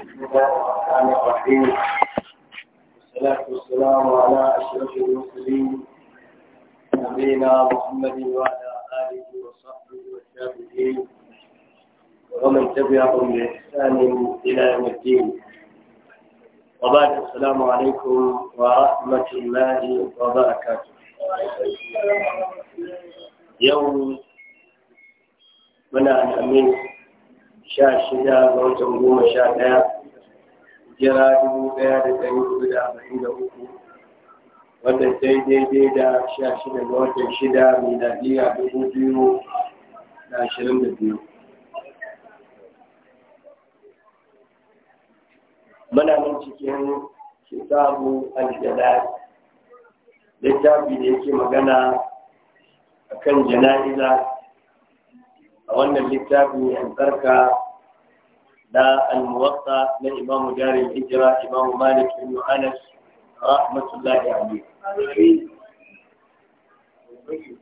بسم الله الرحمن الرحيم والصلاة والسلام على أشرف المرسلين نبينا محمد وعلى آله وصحبه والتابعين ومن تبعهم بإحسان إلى يوم الدين وبعد السلام عليكم ورحمة الله وبركاته يوم muna alhamis sha shida ga watan hijira dubu ɗaya da ɗari hudu da arba'in da uku wanda sai daidai da sha shida ga watan shida miladiya dubu biyu da ashirin da biyu. Muna nan cikin kitabu al-jadad littafi da yake magana akan jana'iza a wannan littafi mai albarka لا na na دار الهجرة إمام imamu malik ibn anas rahmatullahi عليه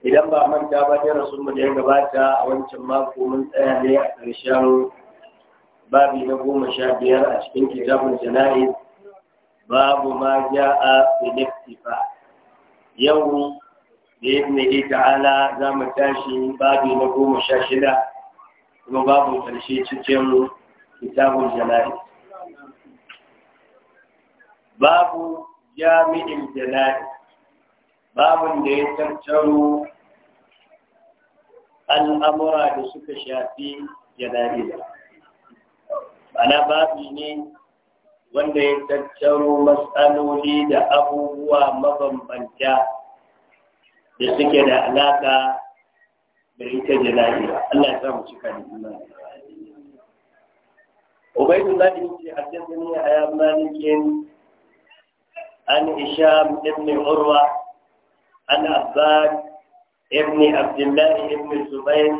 idan ba manta ba da rasul mu da ya gabata a wancan mako mun tsaya ne a ƙarshen babu na goma sha biyar a cikin kitabun jana'iz babu ma ja'a fi yau da ibn ta'ala za mu tashi babu na goma sha shida kuma babu ƙarshe cikin kitabul jana'i babu jami'in jana'i babun da ya tattaru al'amura da suka shafi jana'i ana babu ne wanda ya tattaro matsaloli da abubuwa mabambanta da suke da alaka da ita jana'i Allah ya samu cika da imani عبيد الله بن حدثني يا مالك عن هشام بن عروة عن عباد ابن عبد الله بن الزبير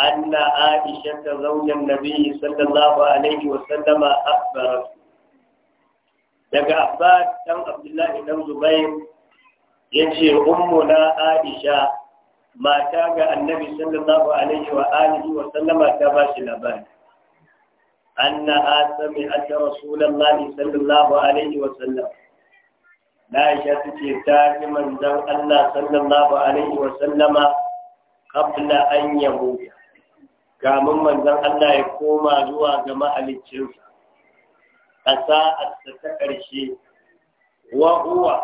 أن عائشة زوج النبي صلى الله عليه وسلم أخبرت daga Abbas dan Abdullahi dan Zubair yace na Aisha mata ga Annabi sallallahu alaihi wa alihi wa sallama ta bashi labari أنها سمعت رسول الله صلى الله عليه وسلم عائشة تتاك من ذو الله صلى الله عليه وسلم قبل أن يموت kamun manzon Allah ya koma zuwa ga mahaliccinsa ƙasa'arsa ta ƙarshe wa huwa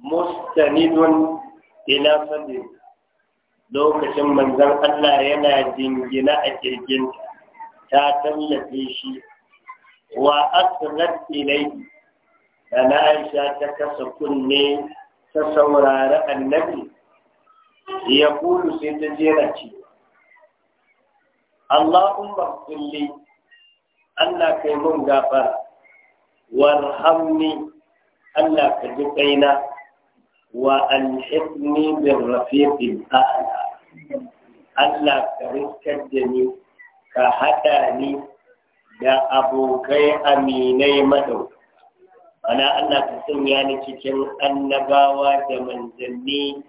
mustanidun ila sadin lokacin manzon Allah yana jingina a kirginta ta tallafe shi wa asnat ilayhi da na ta kasa kunne ta saurari annabi ya kulu sai ta jera ce Allahumma kulli Allah kai mun gafara warhamni Allah ka ji kaina wa alhifni bin rafiqil a'la Allah ka riskar da ni ka haɗa ni da abokai aminai maɗau ana Allah ka sanya ni cikin annabawa da manzanni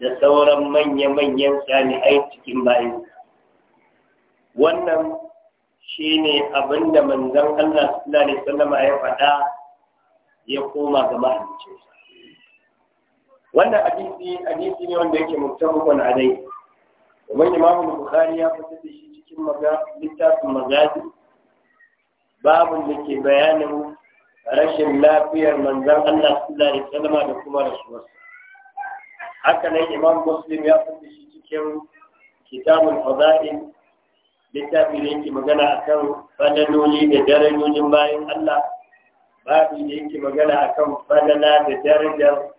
da sauran manya-manyan sami'ai cikin bayi. wannan shi ne abin da manzan Allah sallallahu alaihi wasallam ya faɗa ya koma ga mahaliccinsa wannan hadisi hadisi ne wanda yake mutabakon alai kamar imamu bukhari ya fito da shi cikin littafin magazi babu da ke bayanin rashin lafiyar manzan Allah sallallahu alaihi wasallam da kuma rasuwarsa haka nan imam muslim ya fito da shi cikin kitabun Fazaɗin, littafi da yake magana akan fadaloli da darajojin bayan Allah babu da yake magana akan fadala da darajar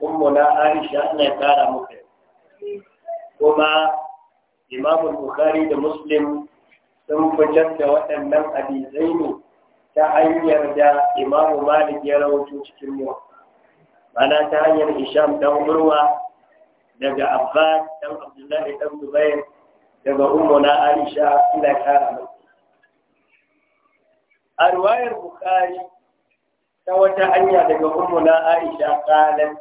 ummuna Aisha ana ya kara muka kuma imam bukhari da muslim sun fitar da waɗannan hadisai ne ta hanyar da imam malik ya rawaito cikin mu mana ta hanyar isham dan urwa daga abbas dan abdullahi dan zubair daga ummuna aisha ila kara a ruwayar bukhari ta wata hanya daga ummuna aisha qalat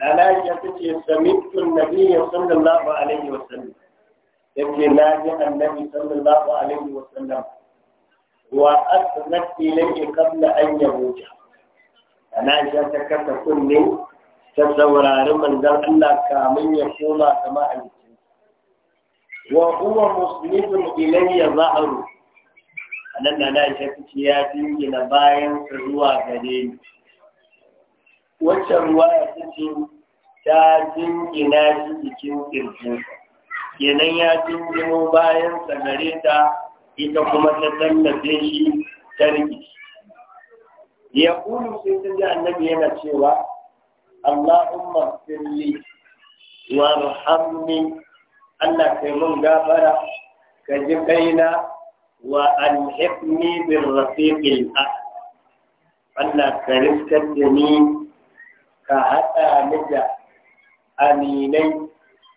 lana ya tace samittu an-nabiy sallallahu alaihi wasallam yake na ji annabi sallallahu alaihi wa sallam wa asnat ilayhi qabla an yamuta ana ji ta kasa kunne ta saurari manzon Allah kamun ya koma a ma'aikin wa huwa muslimun ilayya za'ru anan da Aisha ce ya dingina bayan sa zuwa gare ni wacce ta tace ta dingina shi cikin kirjinsa kenan ya jinjimo bayan gare ta ita kuma ta tallafe shi ta rikici ya kulu sai ta ji annabi yana cewa Allahumma firli wa rahamni Allah kai mun gafara ka ji kaina wa alhiqni bin rafiqil Allah ka riskar da ni ka haɗa ni da aminai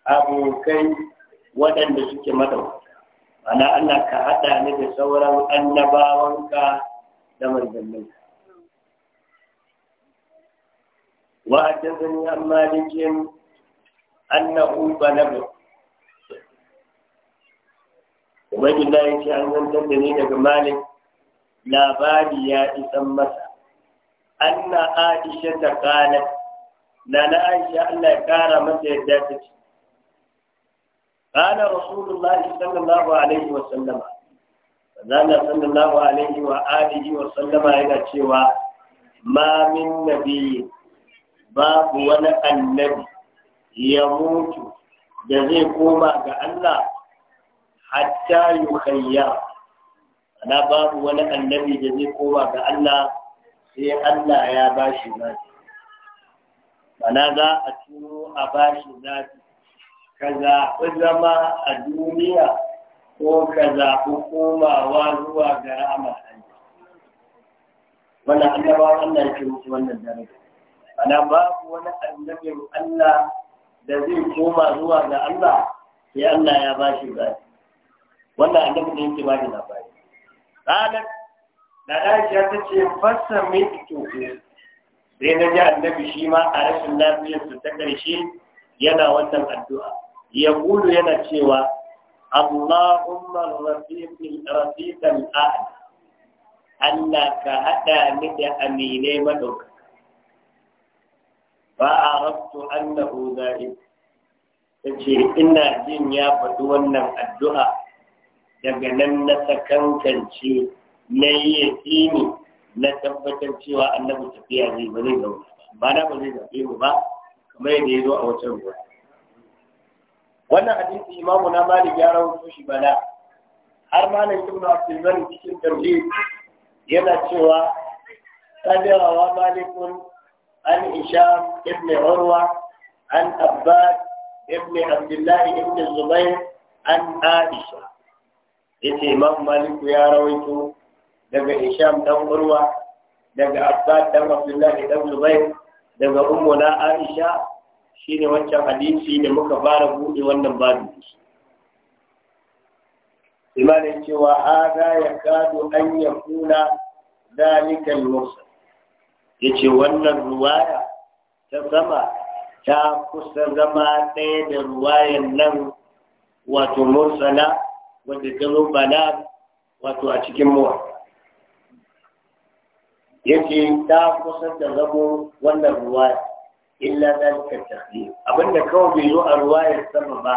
abokai waɗanda suke madaukaka ana Allah ka haɗa ni da sauran annabawanka da manzanninka وحدثني annahu مالك أنه da عبيد an zantar da ni daga Malik labari ya isan masa anna Aisha ta kana na na Aisha Allah ya kara masa yadda ta ce قال رسول الله صلى الله عليه وسلم فزال صلى الله عليه وآله وسلم إلى شوى ما من نبي باب ولا النبي يموت جزي كوما كألا حتى يخير أنا باب ولا النبي جزي كوما كألا sai Allah ya ba shi zafi. Mana za a tuno a ba shi zafi ka zaɓi zama a duniya ko ka zaɓi komawa zuwa ga amalai. Allah. Wannan annabawan Allah ya ce wannan daraja. Ana babu wani annabin Allah da zai koma zuwa ga Allah sai Allah ya ba shi ba. Wannan annabi ne yake ba shi labari. Ranar da Aisha ta ce fasa mai sai na ji annabi shi ma a rashin lafiyarsa ta ƙarshe yana wannan addu'a. Yahudu yana cewa اللهم الرفيق الرفيق Allah ka haɗa ni da aminai maɗauka. Ba a rabtu annahu za'in. Ta ina jin ya faɗi wannan addu'a daga nan na sakankance na yi tsini na tabbatar cewa annabi tafiya zai ba zai zauna ba. zai zaɓe mu ba, kamar yadda ya zo a wajen ruwa. wannan hadisi imamu na malik ya rawaito shi bala har malam ibnu abdul malik cikin tawhid yana cewa sadarawa malikun an isham ibn urwa an abbas ibn abdullah ibn zubair an aisha yace imam malik ya rawaito daga isham dan urwa daga abbas dan abdullah dan zubair daga ummu na aisha Shi ne wancan hadisi da muka fara buɗe wannan babu imanin cewa aga ya kado an ya kuna dalikan mursal ya ce wannan ruwaya ta sama ta kusa zama ɗaya da ruwayan nan wato mursala wadda ta zo bala wato a cikin muwa ya ce ta kusa da zamo wannan ruwaya illa dalika takhir abinda kawai bai zo a ruwayar sama ba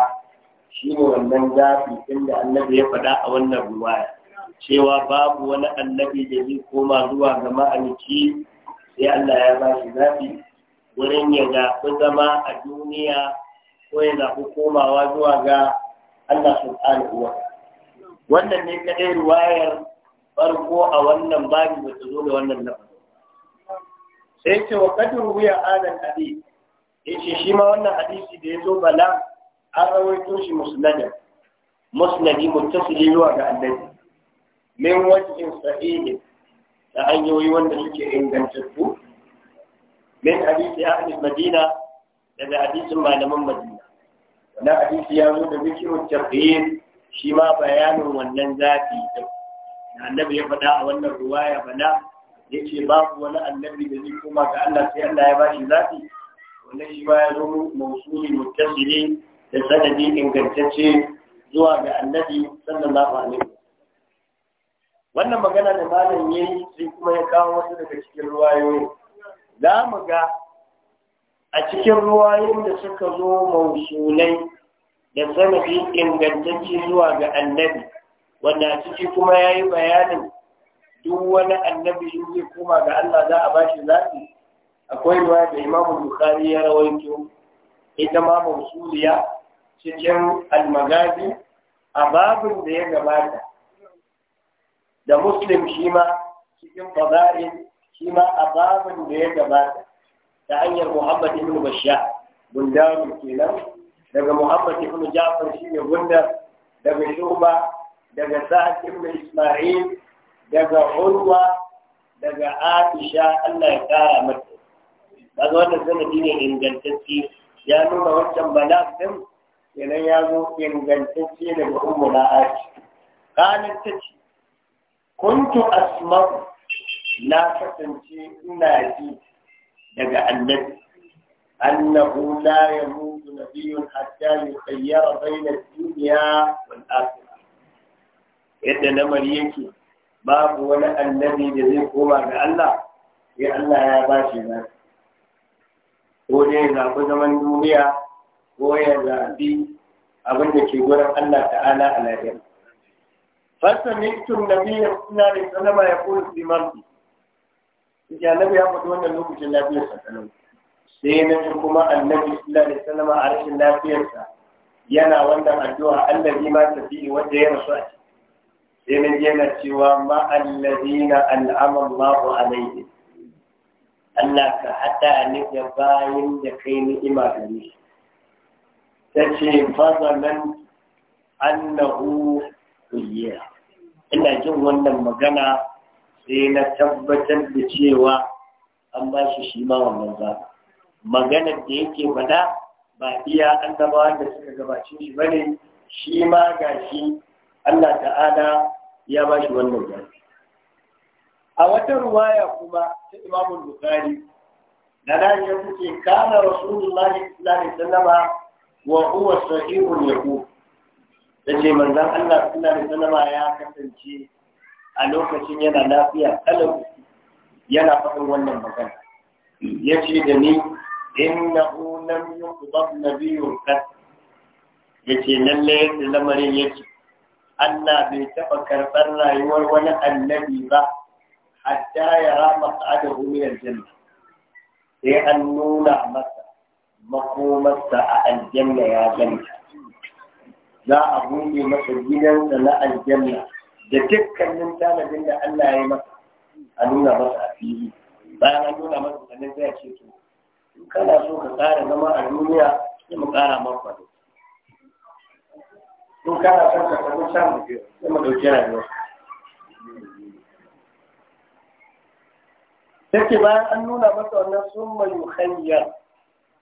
shine wannan zafi inda annabi ya faɗa a wannan ruwaya cewa babu wani annabi da zai koma zuwa ga ma'aliki sai Allah ya ba shi zafi wurin ya zaɓi zama a duniya ko ya zaɓi komawa zuwa ga Allah subhanahu wa wannan ne kadai ruwayar farko a wannan babu ba ta zo da wannan nafa. sai ce wa kadin wuya anan hadisi yace shi ma wannan hadisi da ya zo bala an rawaito shi musnadin musnadi muttasili zuwa ga annabi min wajhin sahihi da hanyoyi wanda suke ingantattu min hadisi ahli madina daga hadisin malaman madina wannan hadisi ya zo da zikirin tafiyir shi ma bayanin wannan zafi da annabi ya faɗa a wannan ruwaya bala yace babu wani annabi da zai koma ga Allah sai Allah ya bashi zafi wannan shi ba ya zo mausuli mutasiri da sanadi ingantacce zuwa ga annabi sallallahu alaihi wannan magana da malam yayi sai kuma ya kawo wasu daga cikin ruwayoyi za mu ga a cikin ruwayoyin da suka zo mausulai da sanadi ingantacce zuwa ga annabi wanda a ciki kuma ya yi bayanin duk wani annabi in zai koma ga Allah za a bashi zaɓi akwai ruwa da Imam Bukhari ya rawaito ita ma mausuliya cikin almagazi a babin da ya gabata da Muslim shi ma cikin fada'il shi ma a babin da ya gabata ta hanyar Muhammad ibn Bashar gundaru kenan daga Muhammad ibn Ja'far shi ne gundar daga Shuba daga Sa'ad ibn Isma'il daga urwa daga aisha Allah ya kara mata kaga wannan sanadi ne ingantacce ya nuna wancan bala din kenan ya zo ingantacce daga ummu na aisha ta tace kuntu asma'u na kasance ina ji daga annabi yamutu لا hatta نبي bayna ad-dunya wal akhirah Yadda namari yake. babu wani annabi da zai koma ga Allah sai Allah ya ba shi nan ko dai ya ku zaman duniya ko ya zabi abin da ke gurin Allah ta'ala a lahira fasamittum nabiyya suna da salama ya kula su imamci ya nabi ya faɗi wannan lokacin lafiyar sa kalau sai na ji kuma annabi sallallahu alaihi wasallam a rashin lafiyarsa yana wannan addu'a Allah ma tafi wanda ya rasu a ciki sai irin na cewa ma'allazina al'amar mahu alaihi Allah ka hada ni da bayan da kai ni'ima gare ta ce nan, annahu kulliya ina jin wannan magana sai na tabbatar da cewa an ba shi shi ma wannan ba maganar da yake faɗa ba iya gabawa da suka gabace shi bane shi ma gashi. Allah ta'ala ya ba shi wannan jari. a wata ruwaya kuma ta imamun Bukhari da nan ya ce kana Rasulullahi sallallahu alaihi wa huwa sahihul Da ce manzon Allah suna da ya kasance a lokacin yana lafiya kalau yana faɗin wannan magana Ya ce da ni innahu lam yuqdab nabiyyun kat lallai lalle lamarin ce, Allah bai taɓa karɓar rayuwar wani annabi ba hatta ya rama sa'ada humiyar janna sai an nuna masa makomarsa a aljanna ya ganta za a buɗe masa gidansa na aljanna da dukkanin tanadin da Allah ya yi masa a nuna masa a fili bayan an nuna masa sannan zai ce to kana so ka ƙara zama a duniya sai mu ƙara maka in kana son ka samu samu sai mu dauki rayuwa take bayan an nuna masa wannan sun mai hanyar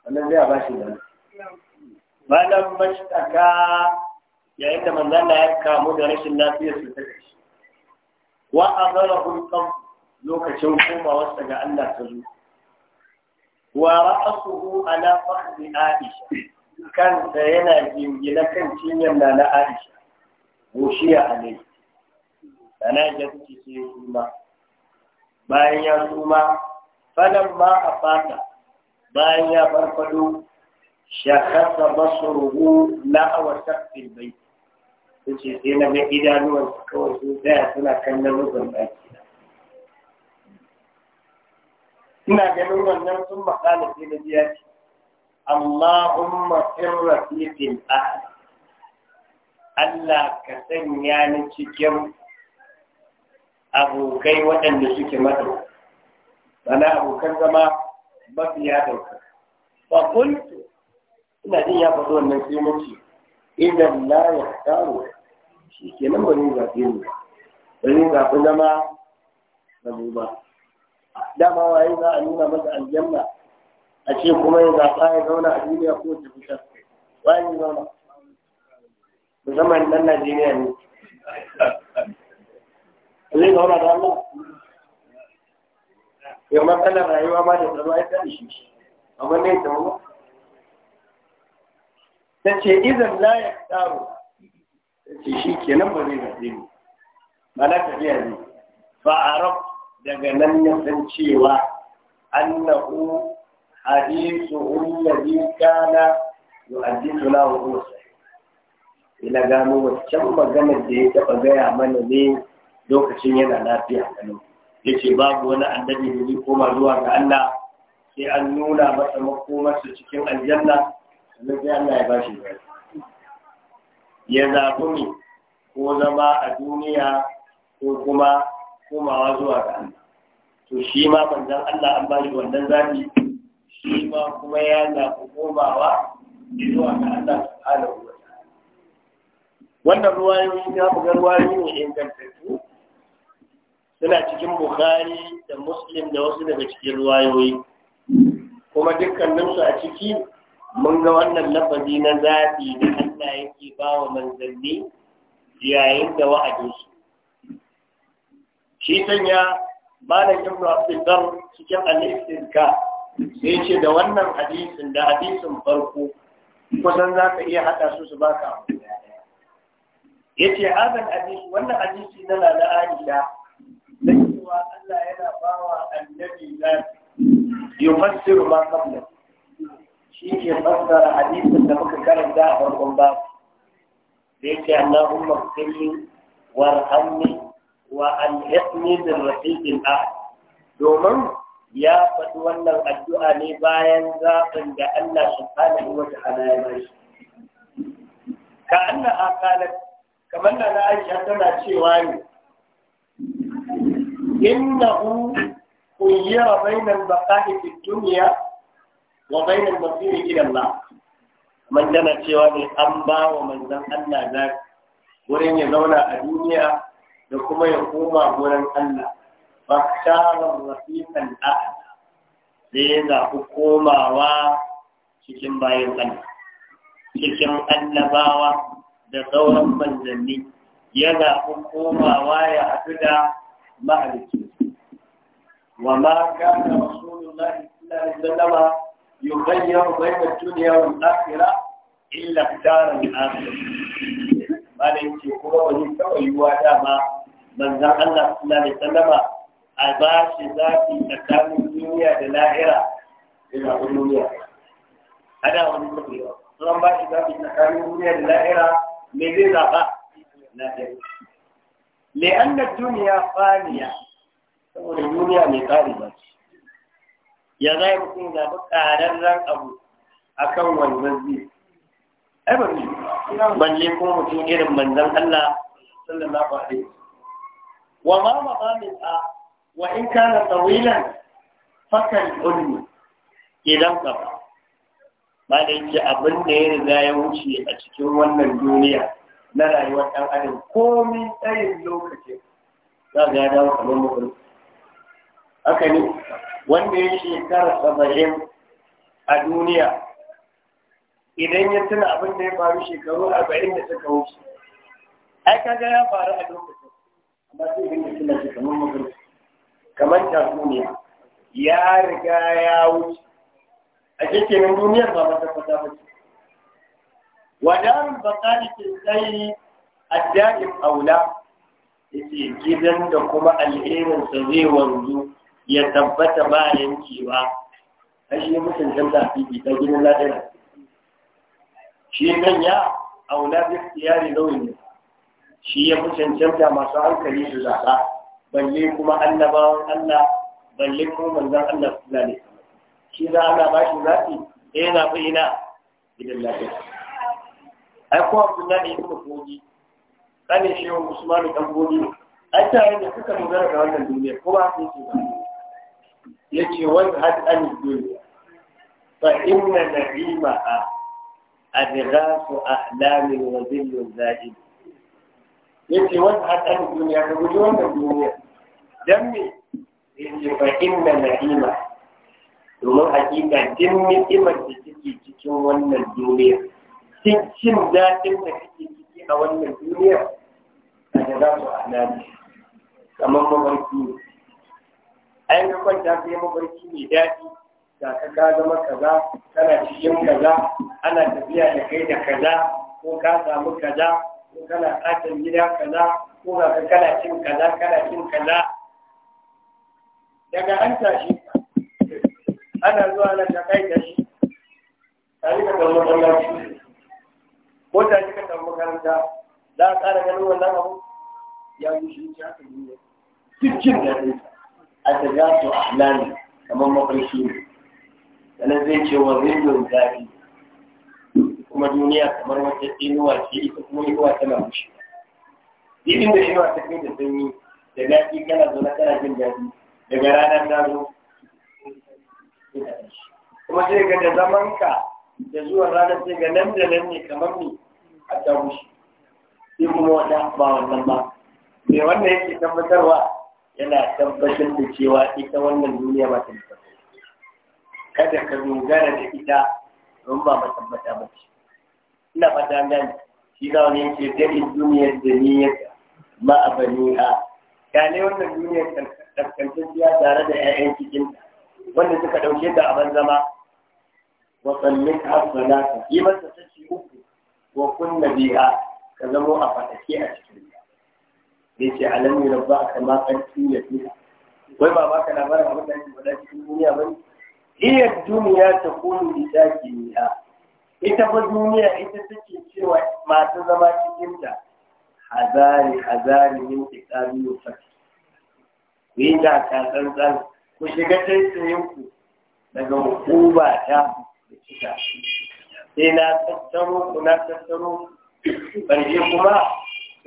wannan zai a ba shi da malam mashtaka yayin da manzan na ya kamu da rashin lafiyar su ta kashi wa a zara hulkan lokacin komawarsa ga Allah ta zo wa ra'asuhu ala fakhdi Aisha kansa yana gingina kan cinyar na na Aisha goshiya a ne sana da suke ce suma bayan ya suma falan ma a fata bayan ya farfado shakasa na la'awar shakfin bai su ce sai na ga idanuwan kawai sun tsaya suna kallon rufin ɗaki ina ganin wannan sun makalafi na biya Allahumma firra fil ahli Allah ka sanya ni cikin abokai waɗanda suke mata. mana abokan zama mafiya dauka ba. kuntu ina jin ya faɗo wannan sai mace idan na ya taro shi ke nan ba ni zaɓe ni ba ni zaɓi zama da ba dama waye za a nuna masa aljanna a ce kuma ya zaɓa ya zauna a duniya ko ta fita ba ya zauna musamman ɗan Najeriya ne zai zauna da Allah yau matsalar rayuwa ma da tsaro ya tsari shi amma ne ta mu ta ce izan la ya tsaro ta ce shi kenan ba zai zaɓe ni ba na tafiya ne ba a rab daga nan ya san cewa annahu حديثه الذي كان يحدث له هو ina gano maganar da ya taɓa gaya mana ne lokacin yana lafiya kalau ya ce babu wani annabi da zai koma zuwa ga Allah sai an nuna masa makomarsa cikin aljanna sannan sai Allah ya bashi gari ya zaɓi ne ko zama a duniya ko kuma komawa zuwa ga Allah to shi ma manzon Allah an bashi wannan zaɓi shi kuma ya zaɓi komawa zuwa ga Allah subhanahu wa wannan ruwayoyi ta bugar ruwayoyi ne ingantattu suna cikin Bukhari da Muslim da wasu daga cikin ruwayoyi kuma dukkaninsu a ciki mun ga wannan lafazi na zaɓi da Allah yake ba wa manzanni yayin da wa'adinsu shi sanya malam ibnu abdullah cikin al sai ce da wannan hadisin da hadisin farko kusan za ka iya haɗa su su baka abu ya ce hadisi wannan hadisi na lana aisha da cewa Allah yana bawa annabi na yufassiru ma qabla shi ke fassara hadisin da muka karanta a farkon ba da ya ce Allahumma qini warhamni wa alhiqni bil rahiqil a'la domin ya faɗi wannan addu'a ne bayan zaɓin da Allah subhanahu wata ana ya bashi. Ka ka a akalat kamar da na Aisha tana cewa ne innahu kuyira bainal baqa'i fi duniya wa bainal masiri ila ba, man tana cewa ne an ba wa manzan Allah da wurin ya zauna a duniya da kuma ya koma wurin Allah faktarar rafiƙan a'ala sai ya zaɓi komawa cikin bayan Allah cikin annabawa da sauran manzanni ya zaɓi komawa ya haɗu da ma'aliki wa ma kana rasulullahi sallallahu alaihi wasallama yughayyiru bayna ad-dunya wal akhirah illa dara al-akhirah malai ce kuma wani kawai yuwa dama manzan Allah sallallahu alaihi wasallama a za shi zafi tsakanin duniya da lahira ina duniya ada wani kudi sun ba shi zafi tsakanin duniya da lahira me zai zaba na dai le an da duniya faniya saboda duniya mai tsari ba ce ya zai mutum zaɓi ƙararren abu akan wanzan zai ai ba ne balle kuma mutum irin manzan Allah sallallahu alaihi wa ma maqamin a wa in kana tsawilan علم إذا idan ما ba ba da ya riga ya wuce a cikin wannan duniya na rayuwar ɗan adam komi tsayin lokacin za ga mutum haka ne wanda ya shekara saba'in a duniya idan ya tuna abin da ya faru shekaru arba'in da suka wuce ai kaga ya faru a lokacin amma sai idan ya tuna shekaru kamar tatsuniya ya riga ya wuce a cikin duniyar ba mata fata ba ce wadan bakalikin tsayi adda'in aula yace gidan da kuma alherinsa zai wanzu ya tabbata ba yankewa ashe mutum da fifi ta gidan ladana shi nan ya aula bi tiyari lauyin shi ya fi cancanta masu hankali su zaɓa balle kuma annabawan Allah balle kuma manzon Allah sallallahu alaihi shi za ana ba shi zafi eh na ina gidan lafiya ai ko Abdullahi ibn Fuji kane shi wa Usman dan Fuji ai tare da suka dogara da wannan duniya ko ba su ce ba yace wani had an duniya fa inna na'imaha adghasu ahlamin wa dhillu zaid yace wata da duniya ka guji wannan duniya dan me yace fa inna na'ima domin hakika din ni'imar da kike cikin wannan duniya cikin daɗin da kike ciki a wannan duniya da za su anani kamar mafarki ne ai ga kwanta sai mafarki mai daɗi da ka ka zama kaza kana cikin kaza ana tafiya da kai da kaza ko ka samu kaza kana katin gida kaza ko ga ka kana cin kaza kana cin kaza daga an tashi ana zuwa na ta da shi ta ji ka tambar makaranta ko ta ji ka tambar makaranta za a ƙara ganin wannan abu ya yi shi ta haka ne duk da ne a ta gasu a halali kamar mafarki ne sannan zai ce wa zai yi zafi kuma duniya kamar wata inuwa ce ita kuma inuwa tana bushe dinin da inuwa ta kai da sanyi da daɗi kana zo na kana jin daɗi daga ranar ta zo kuma sai ga da zaman ka da zuwan ranar sai ga nan da nan ne kamar ni a ta bushe sai kuma wata ba wannan ba sai wanda yake tabbatarwa yana tabbatar da cewa ita wannan duniya ba ta kada ka dogara da ita don ba matabbata ba ce ina fata gani shi za wani ce dai duniyar da niyyar ma a bani ha ya ne wannan duniyar kaskantacciya tare da 'ya'yan cikin wanda suka ɗauke da abin zama? wa sallin hasalata yi masa sashi uku wa kunna biya. ka zamo a fatake a cikin ya ne ce alamu rabba a kama ƙarfi ya fiya wai ba baka labarin abin da ake faɗa cikin duniya ba ne iya duniya ta kunu da ne kimiyya ita ba duniya ita take cewa masu zama cikin ta hazari hazari min tiqabi fati ku yi da ka tsantsan ku shiga tsayin ku daga hukuma ta da kika sai na tattaro ku na tattaro ƙarshe kuma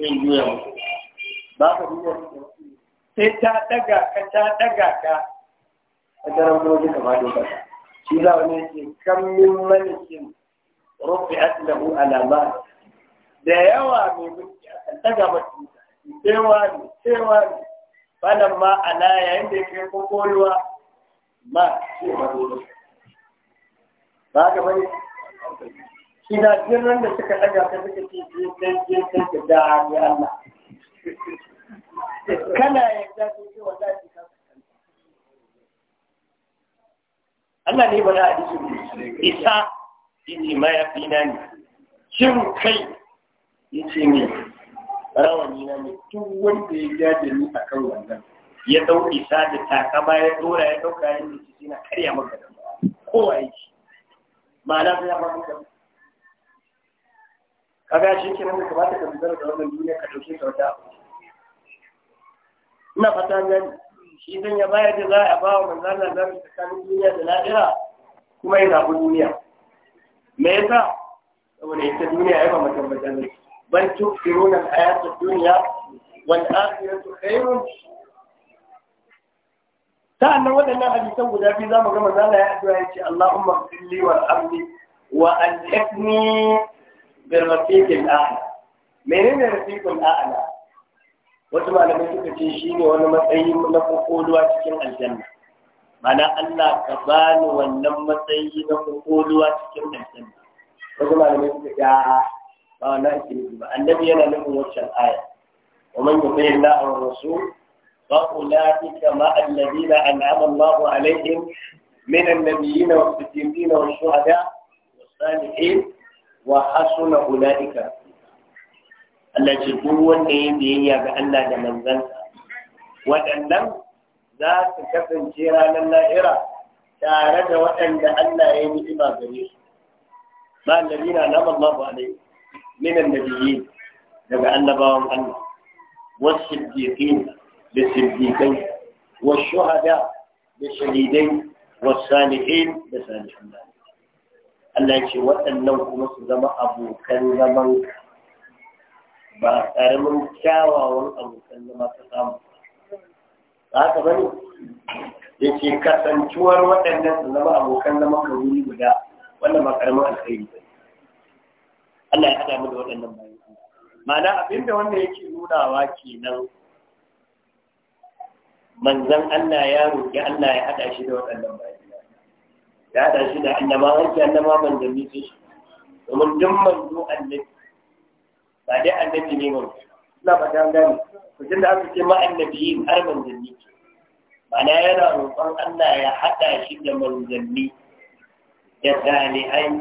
in juya muku ba ka duniya sai ta daga ka ta daga ka a garin gobe kamar da doka shi za wani yake kan min malikin rufi'at lahu alama da yawa mai mulki a kan daga mutum cewa ne cewa ne falan ma ana yayin da yake kokoluwa ma ce dole ba ga bane shi na jirran da suka daga ka suka ce je kai je kai da a ne Allah kana yadda ko ce wallahi ka Allah ne a hadisi isa yace mayafi na ne shin kai yace ne rawani na ne duk wanda ya gaje ni akan wannan ya dau isa da takama ya dora ya dauka ya ce shi na karya maka da kowa yake ma'ana sai ya faɗi da kaga shi kenan da kamata ka bizar da wannan duniya ka dauke ta wata ina fata gani shi zan ya bayar da za a bawa wa manzana zafi tsakanin duniya da lahira kuma ya zaɓi duniya me yasa saboda ita duniya ai ba matambata ne ban tukiruna al-hayata dunya wal akhiratu khairun sa'annan waɗannan hadisan guda biyu zamu ga manzo Allah ya addu'a yace Allahumma qilli wal amni wa alhiqni bi rafiqil a'la menene rafiqul a'la wasu malamai suka ce shine wani matsayi na kokoluwa cikin aljanna mana Allah ka bani wannan matsayi na kokoluwa cikin mutum wasu malamai suka ga ba wannan ake nufi ba annabi yana nufin wancan aya wa man yuti Allah wa rasul fa ulaika ma alladhina an'ama Allah alaihim min an-nabiyyin wa as-siddiqin wasu ash-shuhada wa salihin wa hasuna ulaika Allah ce duk wanda ya biyayya ga Allah da manzansa waɗannan za su kasance ranar la'ira tare da waɗanda Allah ya yi ni'ima gare su ma allazina nama Allahu alaihi min annabiyyi daga annabawan Allah was-siddiqin da siddiqai was-shuhada da shahidai was-salihin da salihin Allah ya ce waɗannan kuma su zama abokan zaman ba ƙaramin kyawawan abokan zama ka samu ba haka ba ne da ke kasancuwar waɗannan su zama abokan zama ka wuri guda wannan ba karamin alkhairi ba Allah ya haɗa mu da waɗannan bayan ma'ana abinda wanda yake nunawa kenan manzan Allah ya roƙi Allah ya haɗa shi da waɗannan bayan ya haɗa shi da annaba wanke annaba manzanni sun shi domin duk manzo annabi ba dai annabi ne manzo suna ba dan gani to tunda aka ce ma annabiyin har manzanni ma'ana yana roƙon Allah ya haɗa shi da manzanni da salihai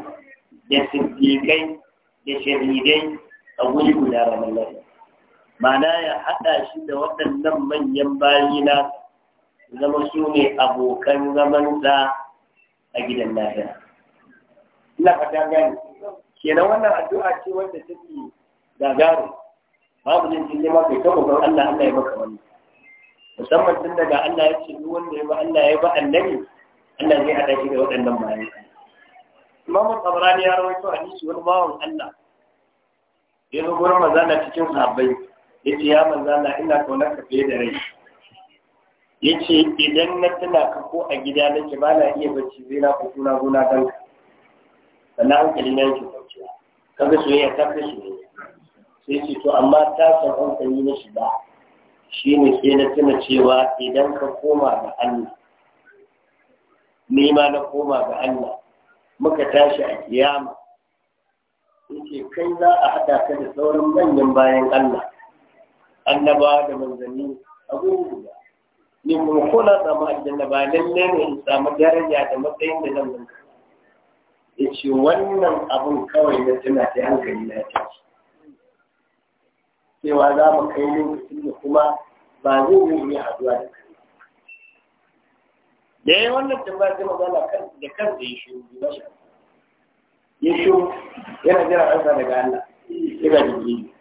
da siddiƙai da shahidai a guri guda ranar ma'ana ya haɗa shi da waɗannan manyan bayina zama su ne abokan sa a gidan lafiya ina fata gani kenan wannan addu'a ce wanda take gagaru babu ne cikin nema kai kama don Allah Allah ya maka wani musamman tun daga Allah ya ce duk wanda ya ba Allah ya ba annabi Allah zai haɗa shi da waɗannan bayanai Imam Tabarani ya rawaito hadisi wani bawan Allah ya zo gurin manzana cikin sahabbai ce ya manzana ina kaunar ka fiye da rai Ya ce idan na tuna ka ko a gida nake ba na iya bacci zai na kuna gona gona ganka sannan hankali na yake kwanciya ga soyayya ta kashe ne sai ce to amma san hankali na shiga shi ne sai na tuna cewa idan ka koma ga Allah ma na koma ga Allah muka tashi a kiyama yake kai za a haɗa ka da sauran manyan bayan Allah annaba da manzanni abubuwa ni kuma ko na samu aljanna ba lalle ne in samu daraja da matsayin da zan ya ce wannan abun kawai na tuna ta hankali na tashi cewa za mu kai lokaci da kuma ba zai yi ne haduwa da kai da ya wannan tambaya ta magana da kan da ya shiru ba shi ya shiru yana jira ansa daga Allah yana jiki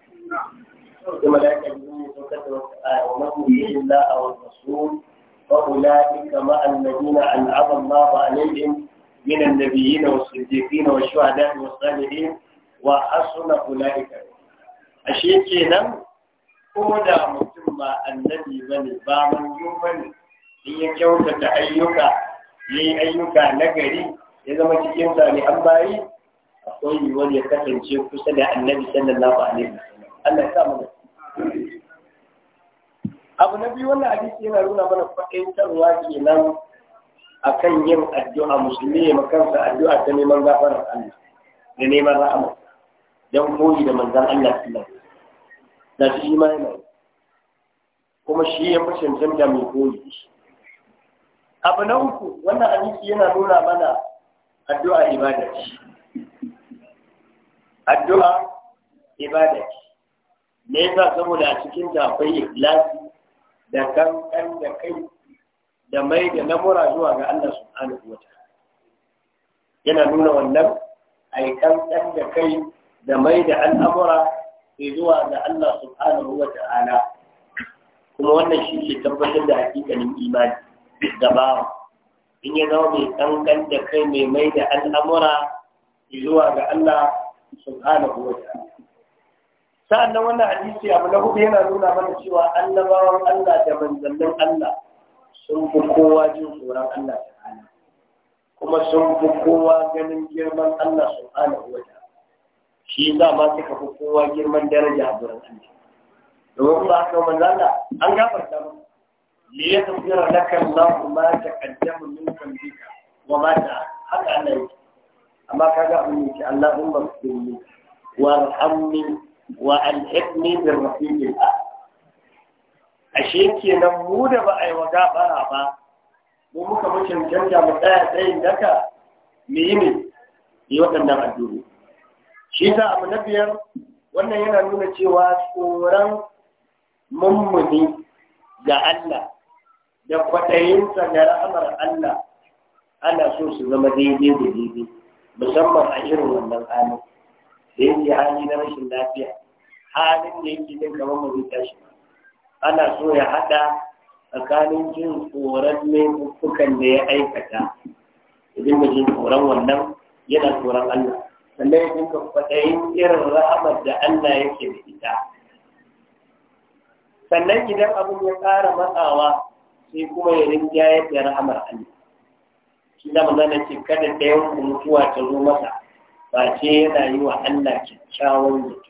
da mala'ika biyu ne sun kasa wasu aya wa masu yi Allah a wasu su فأولئك مع الذين أنعم الله عليهم من النبيين والصديقين والشهداء والصالحين وحسن أولئك رفيقا ashe kenan ko da mutum ba annabi ba ne, ba manzo ne, in ya kyautata ayyuka yi ayyuka na gari ya zama cikin zane an bayi akwai yiwuwar ya kasance kusa da annabi sallallahu alaihi wasallam Allah ya sa mu abu na biyu wannan hadisi yana nuna mana kwatantarwa kenan akan yin addu'a musulmi ne makansa addu'a ta neman gafarar Allah da neman ra'ama. dan koyi da manzan Allah sallallahu alaihi da shi ma yana kuma shi ya fi da mai koyi abu na uku wannan hadisi yana nuna mana addu'a ibada ce addu'a ibada ce me yasa saboda a cikin ta akwai ikhlasi da kankan da kai da mai da namura zuwa ga Allah subhanahu wa ta'ala yana nuna wannan ai kankan da kai da mai da al'amura ke zuwa ga Allah subhanahu wa ta'ala kuma wannan shi ke tabbatar da hakikalin imani da bawa in ya zama mai kankan da kai mai mai da al'amura ke zuwa ga Allah subhanahu wa ta'ala sa'an nan wannan hadisi abu na hudu yana nuna mana cewa annabawan Allah da manzannin Allah sun fi kowa jin tsoron Allah ta'ala kuma sun fi kowa ganin girman Allah subhanahu wa ta'ala shi za ma suka fi kowa girman daraja a gurin Allah domin kuma aka yi manzo da an gafarta mu na kan laka Allahu ma taqaddama min jika wa ma ta haka Allah yake amma kaga abin yake ba su warhamni wa alhiqni bir rafiqil a? ashe kenan mu da ba a yi wa gafara ba mu muka mutum canja mu tsaya tsayin daka Me yi ne yi waɗannan addu'o'i shi ta abu na biyar wannan yana nuna cewa tsoron mummuni ga Allah da kwaɗayinsa da rahamar Allah ana so su zama daidai da daidai musamman a irin wannan halin da yake hali na rashin lafiya halin da yake jin kamar mu tashi ana so ya haɗa tsakanin jin tsoron laifukan da ya aikata idan da jin tsoron wannan yana tsoron Allah sannan ya kwaɗayin irin rahamar da Allah yake da ita sannan idan abin ya ƙara matsawa sai kuma ya rinjayar yadda rahamar Allah shi da magana ce kada ɗayan mutuwa ta zo masa ba ce yana yi wa Allah kyakkyawan mutu.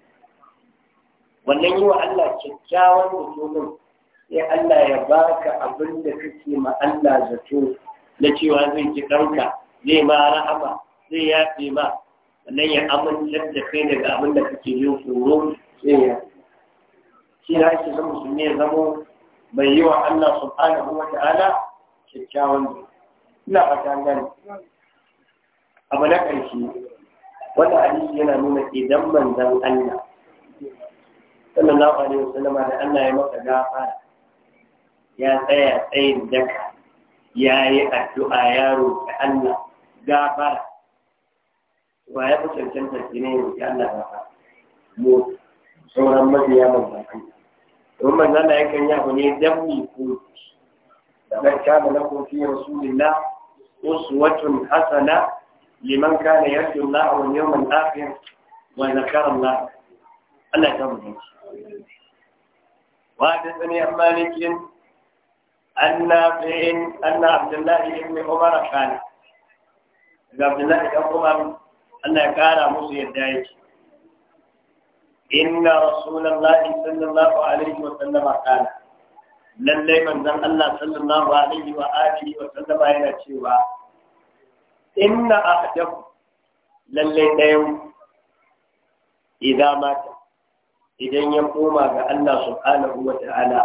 wannan yi wa Allah kyakkyawan mutu din sai Allah ya ka abin da kake ma Allah zato na cewa zai ji ɗanka zai ma rahama zai yafe ma sannan ya amincar da kai daga abin da kake yin tsoro sai ya shi na shi zama su ne zama mai yi wa Allah subhanahu wa ta'ala kyakkyawan ne ina fata gani abu na ƙarshe wanda hadisi yana nuna idan manzon Allah sallallahu alaihi wasallama da Allah ya maka gafara ya tsaya tsayin daka ya yi addu'a yaro ga Allah gafara wa ya fi cancanta shi ne ya Allah ba ka mu sauran mabiya mabakai don manzan da yakan yi abu ne dan mu ku da kan kama na kofi rasulillah uswatun hasana liman kana yarju Allah wal yawmal akhir wa zakara Allah Allah ya tabbata wa da sani malikin anna أن عبد الله بن عمر قال عبد الله بن عمر Allah ya kara musu yadda ya ce. inna rasulullahi sallallahu alaihi wa sallama kana lallai manzon Allah sallallahu alaihi wa alihi wa sallama yana cewa inna ahdakum lallai dayan idan mata idan ya koma ga Allah subhanahu wa ta'ala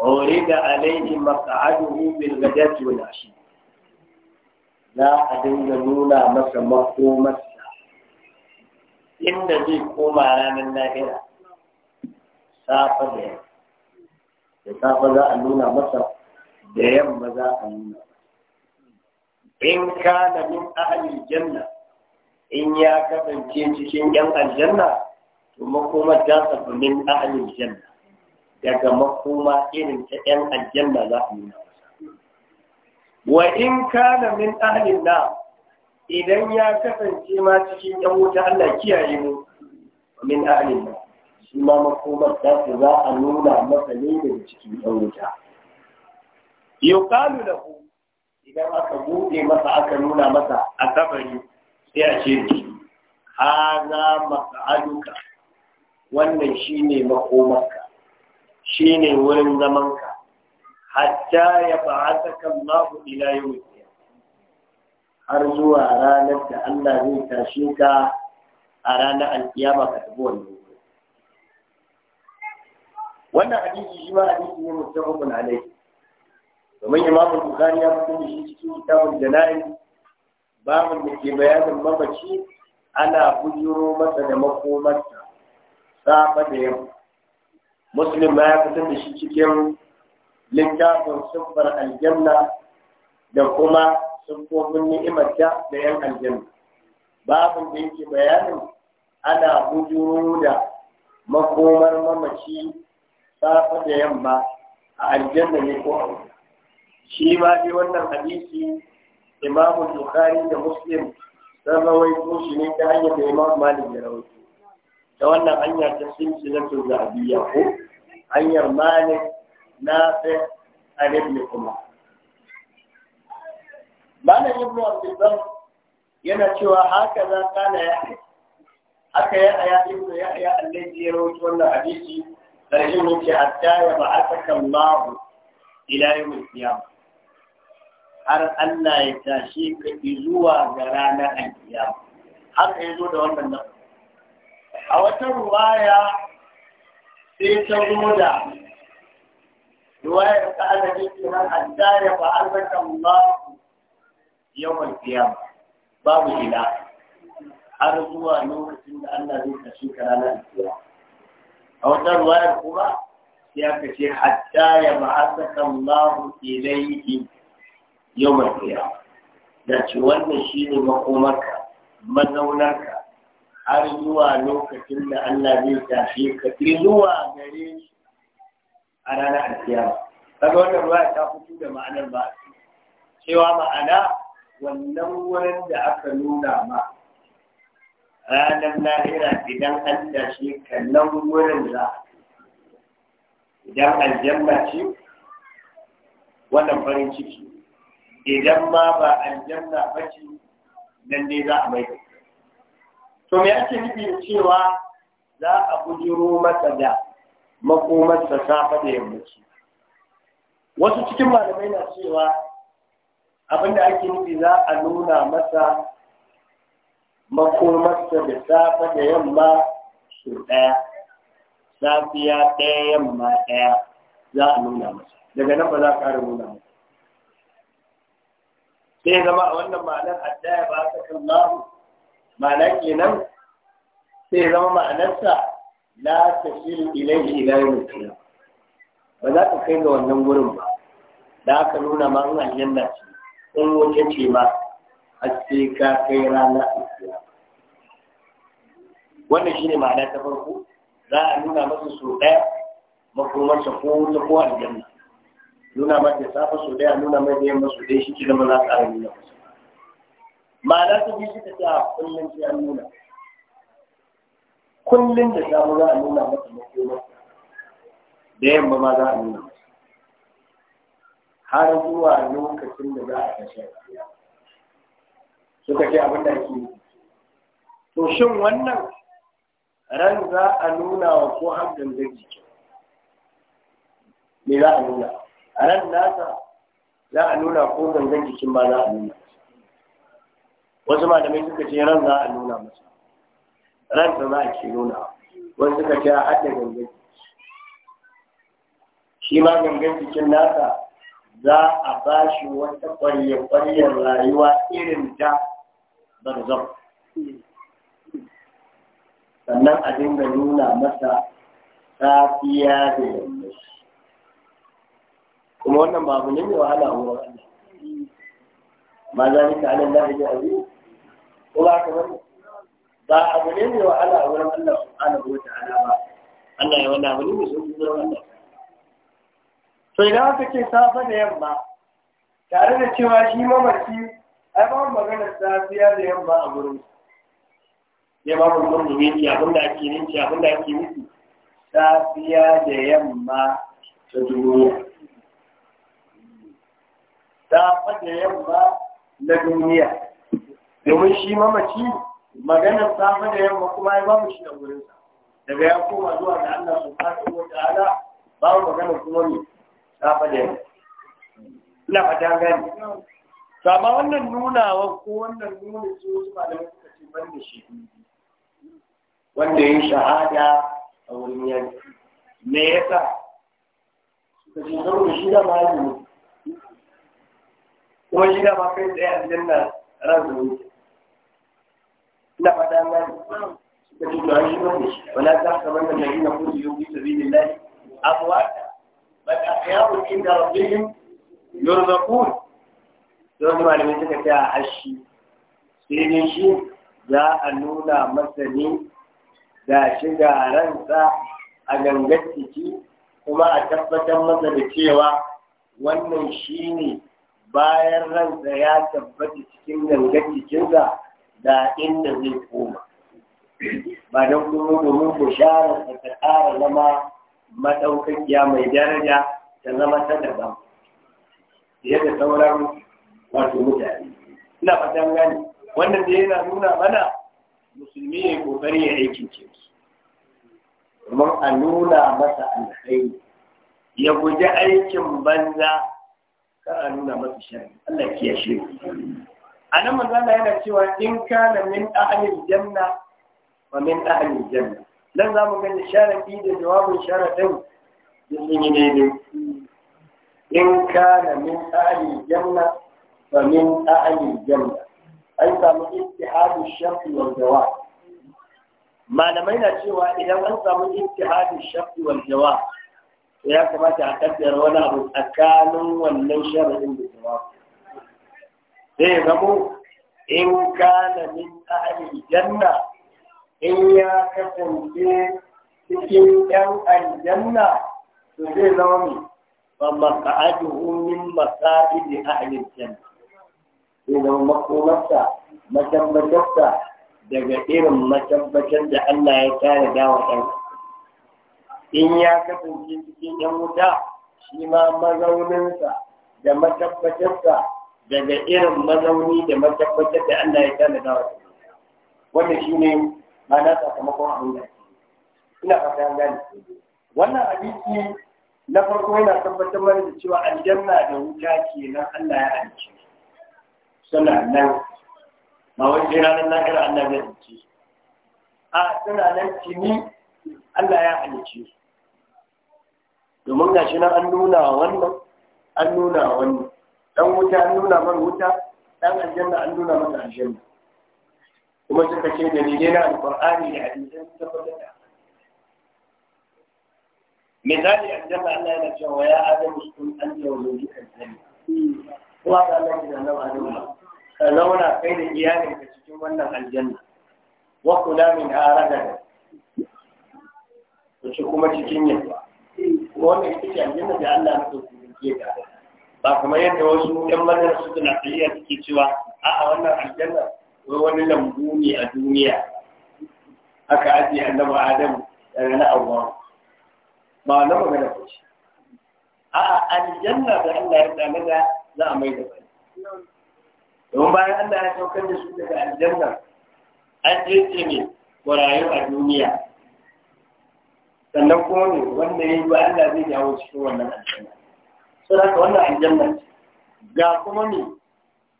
urida alaihi maq'aduhu bil ghadati wal ashi za a dinga nuna masa makomarsa inda zai koma ranar lahira safa da yamma da safa za a nuna masa da yamma za a nuna in da min ahli janna in ya kasance cikin yan aljanna to makomar ta tafi min ahli janna daga makoma irin ta yan aljanna za a nuna wa in kana min ahlin na idan ya kasance ma cikin yan wuta Allah kiyaye mu min ahlin na shi ma makomar ta za a nuna masa ne daga cikin yan wuta da ku idan aka buɗe masa aka nuna masa a kabari sai a ce za haza aduka wannan shi ne makomarka ne wurin zamanka hatta ya ba'ataka Allah ila yawm har zuwa ranar da Allah zai tashe ka a ranar alkiyama ka wani wannan wannan hadisi shi ma hadisi ne mutafakun alai. domin imam bukhari ya mutum shi cikin kitabul jana'i babun da ke bayanin mamaci ana bujiro masa da makomarsa safa da yamma muslim ma ya fitar da shi cikin littafin siffar aljanna da kuma sufofin ni'imarta da yan aljanna babin da yake bayanin ana hujuru da makomar mamaci safe da yamma a aljanna ne ko a shi ma dai wannan hadisi imamu bukhari da muslim sun rawaito shi ne ta hanyar da imamu malik ya rawaito ta wannan hanyar ta sun na zahabiyya ko hanyar malik نافع عن kuma bana معنى ابن عبد البر yana cewa haka za na ya haka ya aya ibnu yahya allazi ya rawaito wannan hadisi karshen yake hatta ya ba'athaka Allah ila yawmil qiyam har Allah ya tashi ka zuwa ga ranar alkiyama haka ya zo da wannan nan a wata ruwaya sai ta zo da riwayar ka annabi kenan hatta ya fa'alaka Allah yawmal qiyamah babu ila har zuwa lokacin da Allah zai tashi ka ranar kiyama a wata riwayar kuma sai aka ce hatta ya ba'athaka Allah ilayhi yawmal qiyamah da ce wannan shine makomarka mazaunarka har zuwa lokacin da Allah zai tashi ka zuwa gare shi a ranar alkiyama kaga wannan ruwa ta fito da ma'anar ba cewa ma'ana wannan wurin da aka nuna ma ranar lahira idan an tashi kallon wurin za idan aljanna ce wannan farin ciki idan ma ba aljanna ba ce nan dai za a mai to me ake nufin cewa za a bujiro masa da makomarsa ta da yammaci wasu cikin malamai na cewa abinda ake nufi za a nuna masa makomarsa da safa da yamma su ɗaya safiya ɗaya yamma ɗaya za a nuna masa daga nan ba za a ƙara nuna masa sai zama a wannan ma'anar addaya ba ta kan ma'ana kenan sai zama ma'anarsa la tasilu ilayhi ila yawm al ba za ka kai ga wannan gurin ba da aka nuna ma in aljanna ce in wuce ce ma ka kai rana wannan shine ma'ana ta farko za a nuna masa so ɗaya makomarsa ko wuta ko aljanna nuna ma ta safa so ɗaya nuna mai da yamma so ɗaya shi ke zama za su ara nuna masa ma'ana ta biyu suka ce a kullum sai an nuna kullum da samu za a nuna masa makoma da yamma ma za a nuna masa har zuwa lokacin da za a kashe suka ce abin da ake yi to shin wannan ran za a nuna wa ko har gangan jiki me za a nuna a ran nasa za a nuna ko gangan jikin ma za a nuna wasu malamai suka ce ran za a nuna masa ransa za a ke nuna wasu ka ce a haɗe gangan shi ma gangan jikin nasa za a ba shi wata ƙwarya-ƙwaryar rayuwa irin ta barzan sannan a dinga nuna masa safiya da yamma kuma wannan babu ne mai wahala a wurin Allah ma za ni ka alin lafiya a ko ba ka wani ba abu ne mai wahala a wurin Allah subhanahu wa ta'ala ba Allah ya wani abu ne mai sauki wurin Allah to idan aka ce safe da yamma tare da cewa shi mamaci ai ba maganar safiya da yamma a wurin ya ba mu ya ki da ake nufi da ake nufi safiya da yamma ta duniya Safa da yamma na duniya domin shi mamaci maganar safe da yamma kuma ya ba mu shi da wurin sa daga ya koma zuwa ga Allah subhanahu wa ta'ala ba mu maganar kuma ne ta da yamma ina fata gani to amma wannan nunawa ko wannan nuna su su malamai suka ce ban da shi wanda ya yi shahada a wurin yanki me ya suka ce saboda shi da malami kuma shi da ma kai tsaye a aljanna ran wuce ina fata an gane suka ce to an shi wani wala ta kamar da nabi na kudu yau bi sabilillahi amwata bal ahya'un inda rabbihim yurzaqun don malamai suka ce a ashi sai dai shi za a nuna masa ne da shiga ransa a gangar kuma a tabbatar masa da cewa wannan shi ne bayan ransa ya tabbata cikin gangar da inda zai koma ba don kuma domin bisharar ta ƙara zama maɗaukakiya mai daraja ta zama ta daban fiye da sauran wato mutane ina fatan gani wannan da yana nuna mana musulmi ya yi kokari ya aikin ce domin a nuna masa alkhairi ya guji aikin banza ka a nuna masa shari'a Allah ya shi a nan manzo Allah yana cewa in kana min ahlil janna wa min ahlil janna dan zamu ga sharadi da jawabin sharadin sun yi daidai in kana min ahlil janna wa min ahlil janna an samu ittihadu shafi wal jawab malamai na cewa idan an samu ittihadu shafi wal jawab ya kamata a kaddara wani abu tsakanin wannan sharadin da jawabin zai zamo in kana min ahli janna in ya kasance cikin yan aljanna to zai zama mai fa maq'aduhu min maq'idi ahli janna zai zama makomarsa matabbatarsa daga irin matabbatar da Allah ya tare da wa ɗan in ya kasance cikin yan wuta shi ma mazauninsa da matabbatarsa daga irin mazauni da matabbatar da Allah ya tana da wasu wannan shi ne mana sakamakon abin da ake ina fata gani wannan abinci na farko yana tabbatar mana da cewa aljanna da wuta kenan Allah ya halice suna nan ba wai na ranar lahira Allah ya halice a suna nan tini Allah ya halice domin ga shi nan an nuna wannan an nuna wannan dan wuta an nuna man wuta dan aljanna an nuna masa aljanna kuma suka ce da ne na alqur'ani da hadisin sun tabbatar da misali aljanna Allah yana cewa ya adamu sun an ta wajen dukkan sani kuma ga Allah ki da nan adamu ka zauna kai da iyalinka cikin wannan aljanna wa kula min arada ku ci kuma cikin yalwa wannan ita ce aljanna da Allah ya so ku ke da ba kamar yadda wasu yan madara su suna tsayiya suke cewa a a wannan aljanna wai wani lambu ne a duniya aka ajiye annabi adam da na awwa ba wannan magana ba ce a a aljanna da Allah ya da za a mai da bai don bayan Allah ya saukar da su daga aljanna an jirce ne rayu a duniya sannan kuma ne wanda ya yi ba Allah zai jawo cikin wannan aljanna sai haka wannan aljanna ce ga kuma ni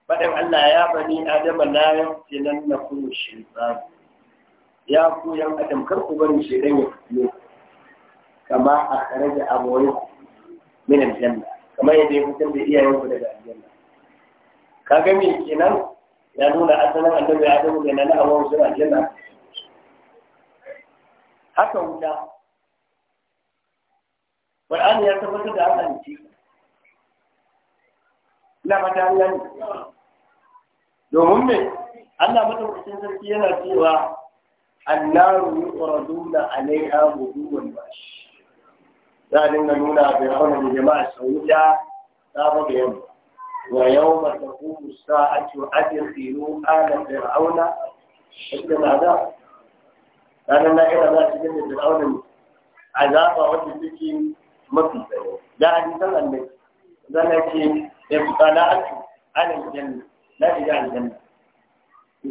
faɗin Allah ya bani adama na ce nan na kuma shaitan ya ku yan adam kar ku bari shaitan ya fito kama a kare da min aljanna kamar yadda ya fitar da ku daga aljanna ka ga me kenan ya nuna asalin annabi adamu da nan wannan sura aljanna haka wuta Qur'ani ya tabbatar da Allah ne ina ba ta domin me Allah madaukakin sarki yana cewa annaru yuqraduna alaiha ghuduwan bash za a dinga nuna bai auna da jama'a sauya ta ba da yamma wa yawma taqumu sa'atu adkhilu ala fir'auna inda ma da ranar na ira za su gina fir'aunin azaba wanda take mafi tsaye da hadisan annabi zana ce ibtala'tu ala aljanna na shiga aljanna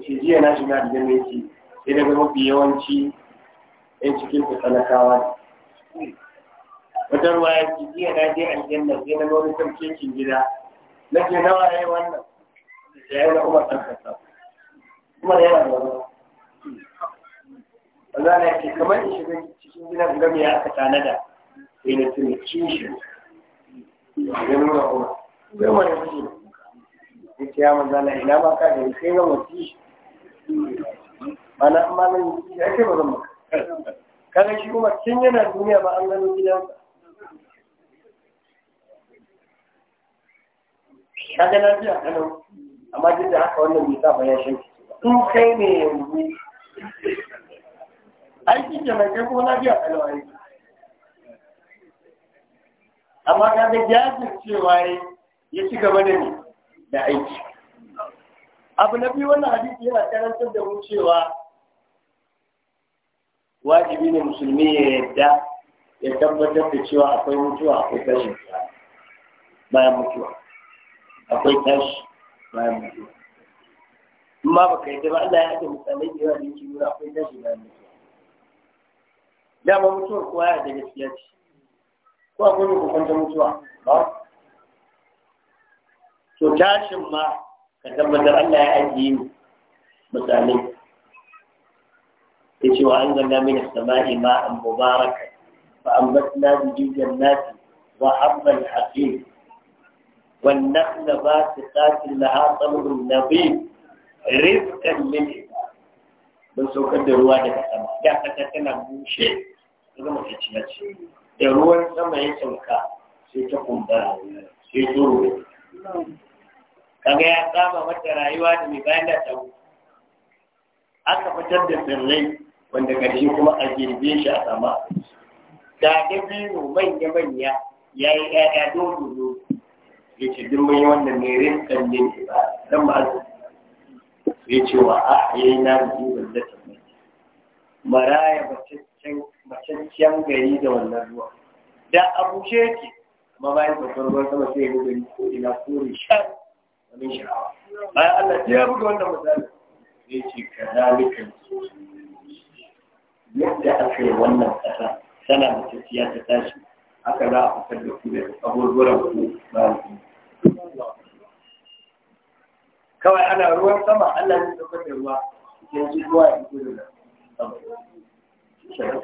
shi jiya na shiga aljanna yace sai daga mafi yawanci yan cikin ta talakawa ne wata ruwa ya ce jiya na je aljanna sai na wani sarkin gida na ce nawa ya yi wannan da ya yi na umar ɗan kuma da yana da wani Allah ya ce kamar in shiga cikin gidan gami ya aka tanada sai na tuni shi sai ya ya na amma nan ya ce ba zan maka kaga shi kuma tun yana duniya ba an gano gidansa kaga na biya kano amma duk da haka wannan bai sa ba ya shan in kai ne yanzu aiki kenan kai kuma na aiki amma ka ga jajircewa ya ci gaba da ne da aiki abu na biyu wannan hadisi yana karantar da mu cewa wajibi ne musulmi ya yadda ya tabbatar da cewa akwai mutuwa akwai tashi bayan mutuwa akwai tashi bayan mutuwa amma baka yadda ba Allah ya haɗa misalai da yawa da yake nuna akwai tashi bayan mutuwa dama mutuwar kowa ya da gaskiya ce ko akwai mai kokwantar mutuwa ba to tashin ma ka tabbatar Allah ya ajiye mu misalai ya ce wa an zanna mai da samai ma ma'an mubarakan fa ambatna bihi jannatin wa habban hakim والنخل na لها طلب نضيد رزقا من don saukar da ruwa daga sama ya kasa tana bushe zama ta ciyace da ruwan sama ya sauka sai ta kumbara sai turu kaga ya tsama mata rayuwa da mai bayan da ta aka fitar da tsirrai wanda ƙarshe kuma a girbe shi a sama da ta biyu manya-manya ya yi ya'ya dodo ya ce duk yi mai ne rinkan ne ba dan ba ya ce wa a yi na biyu wanda ta mai maraya can macanciyan gari da wannan ruwa da a bushe yake amma bayan babban ruwan sama sai ya buga ni ko ina kore shan wani sha'awa bayan Allah sai ya buga wannan misali zai ce ka zalikan yadda aka yi wannan ƙasa tana da tafiya ta tashi haka za a fitar da ku da abubuwan ku bayan ku kawai ana ruwan sama Allah zai ya da ruwa yanzu ruwa ya fito da sama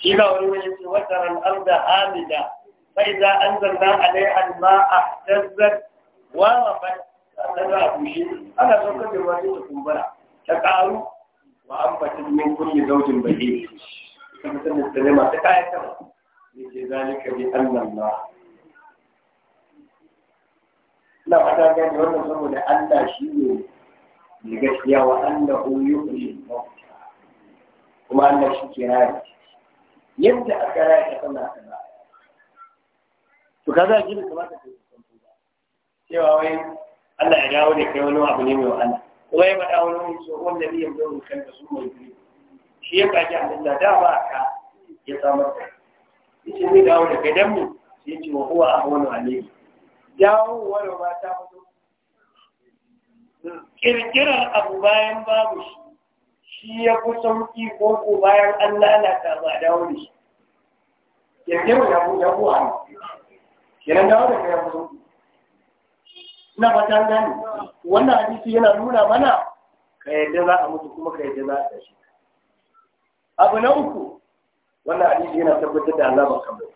shi na wani wani ce wataran arda hamida sai za an zanna alai alma a tazzar wawa fa sannan za a bushe ana son kaje wani ta kumbura ta karu wa an fatin min kulli zaujin bahi ta mutum da salama masu kayan ta ne ce ka bi annan ma ina fata gani wannan saboda Allah shi ne da gaskiya wa annahu yuhyi mauta kuma da shi ke rayar yadda aka ta sama aka ba. to kaza ji da kamata ka yi san ba cewa wai Allah ya dawo da kai wani abu ne mai wahala kuma ya faɗa wani wani so wanda bai yanzu mun kan da su mai biyu shi ya kaji Allah da ba ka ya samar da shi ne dawo da kai dan mu Ya ce wa huwa wani alayhi dawo wani ba ta fito kirkirar abu bayan babu shi shi ya fi sauki ko ko bayan an lalata ba dawo da shi ya ya mu ya fi hannu kenan dawo da kai ya fi sauki ina fata gani wannan hadisi yana nuna mana ka yadda za a mutu kuma ka yadda za a tashi abu na uku wannan hadisi yana tabbatar da alama kamar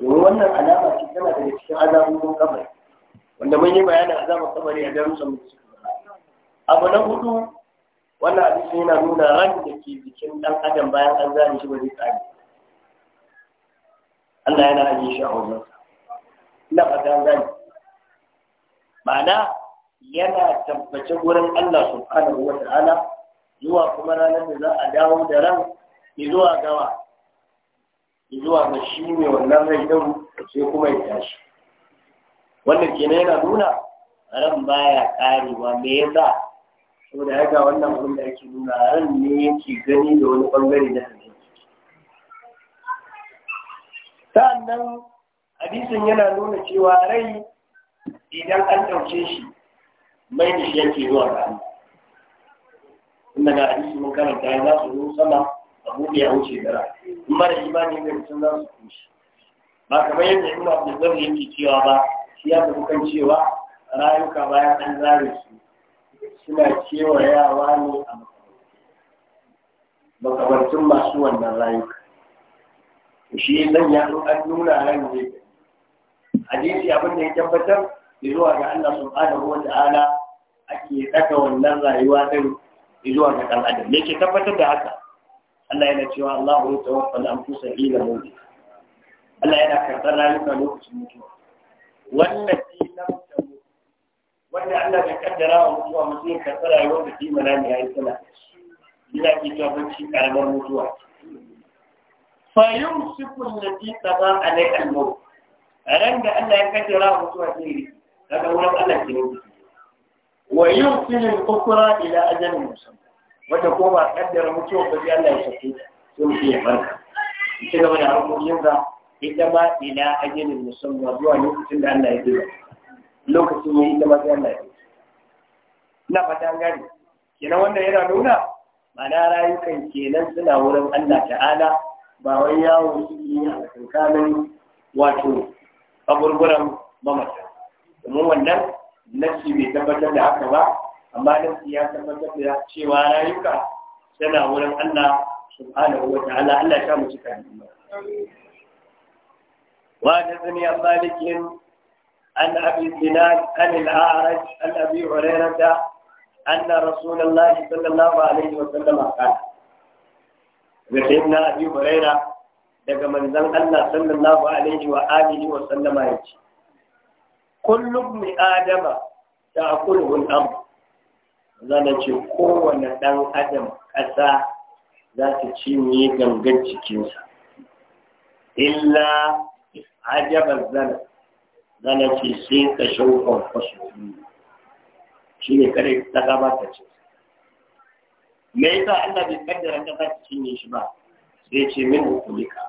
domin wannan alama ce tana daga cikin azabun kabari wanda mun yi bayanin azabar kamari a darussan abu na hudu wannan hadisi yana nuna ran da ke jikin dan adam bayan an zane shi ba zai tsari Allah yana aje shi a wajen ina fata an zane ma'ana yana tabbace gurin Allah subhanahu wa ta'ala zuwa kuma ranar da za a dawo da ran zuwa gawa zuwa ga shi ne wannan rai din sai kuma ya tashi wannan kenan yana nuna ran baya karewa me yasa saboda ya wannan abin da ake nuna ran ne yake gani da wani bangare na hannun sa'annan hadisin yana nuna cewa rai idan an dauke shi mai da shi yake zuwa ga inda ga hadisi mun karanta ya za su zo sama a buɗe a wuce gara mara imani ne mutum za su shi. ba kamar yadda da abdul yake cewa ba shi ya tafi kan cewa rayuka bayan an zare su suna kewayawa ne a makabartun masu wannan rayuka shi zan ya an nuna ran ne hadisi abin da ya tabbatar zuwa ga Allah subhanahu wata'ala ake daga wannan rayuwa din zuwa ga dan adam me ke tabbatar da haka Allah yana cewa Allahu yatawaffa al-anfusa ila mawtiha Allah yana karɓar rayuka lokacin mutuwa wannan shi nan wanda Allah bai kaddara wa mutuwa mutum ka tsara yau da kima na yi haifuna ina ke cewa bacci karamar mutuwa fayyum sukun na ji tsaba a nai almau a ran da Allah ya kaddara wa mutuwa zai yi daga wurin Allah ke nufi wa yin filin kukura ila ajalin musamman wanda ko ba kaddara mutuwa ba zai Allah ya shafi sun Ya barka. Ci gaba da yin za ita ma ila ajalin musamman zuwa lokacin da Allah ya zuba lokacin ne ita ma sai Allah ya ina fata gani kenan wanda yana nuna ma'ana rayukan kenan suna wurin Allah ta'ala ba wai yawo su yi a tsakanin wato kaburburan mamata domin wannan nasi bai tabbatar da haka ba amma nasi ya tabbatar da cewa rayuka suna wurin Allah subhanahu wa ta'ala Allah ya mu cika ne وحدثني عن مالك عن ابي سنان عن الاعرج عن ابي هريره ان رسول الله صلى الله عليه وسلم قال سيدنا ابي هريره daga manzon Allah sallallahu alaihi wa alihi wa sallama yace kullu adama ta al-ard zana ce kowanne dan adam ƙasa za ta ci cinye gangan cikinsa illa ajabar zana zana ce sai ka shaukan fasu shi ne kare ta gabata ce me yasa Allah bai kaddara ta zaki cinye shi ba sai ce min hukulika